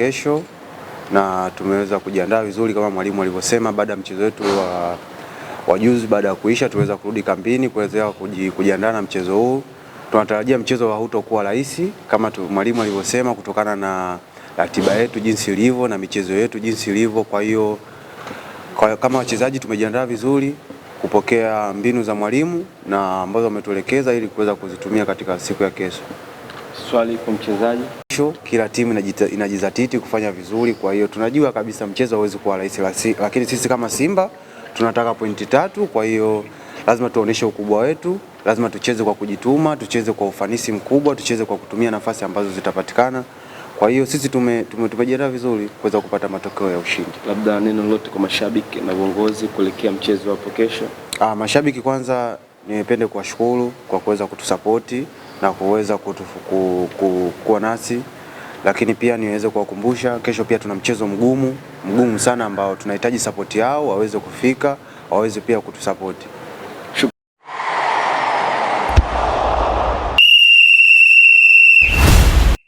kesho, na tumeweza kujiandaa vizuri kama mwalimu alivyosema. Baada ya mchezo wetu wa, wa juzi, baada ya kuisha, tumeweza kurudi kambini kuweza kujiandaa na mchezo huu. Tunatarajia mchezo hautokuwa rahisi kama mwalimu alivyosema, kutokana na ratiba yetu jinsi ilivyo na michezo yetu jinsi ilivyo. Kwa hiyo kama wachezaji tumejiandaa vizuri kupokea mbinu za mwalimu na ambazo ametuelekeza ili kuweza kuzitumia katika siku ya kesho. Swali kwa mchezaji kesho kila timu inajizatiti kufanya vizuri. Kwa hiyo tunajua kabisa mchezo hauwezi kuwa rahisi, lakini sisi kama Simba tunataka pointi tatu. Kwa hiyo lazima tuoneshe ukubwa wetu, lazima tucheze kwa kujituma, tucheze kwa ufanisi mkubwa, tucheze kwa kutumia nafasi ambazo zitapatikana. Kwa hiyo sisi tume, tume, tumejiandaa vizuri kuweza kupata matokeo ya ushindi. Labda neno lolote kwa mashabiki na viongozi kuelekea mchezo hapo kesho? Ah, mashabiki kwanza nipende kuwashukuru kwa kuweza kutusapoti na kuweza kuwa nasi, lakini pia niweze kuwakumbusha kesho pia tuna mchezo mgumu mgumu sana ambao tunahitaji sapoti yao waweze kufika waweze pia kutusapoti.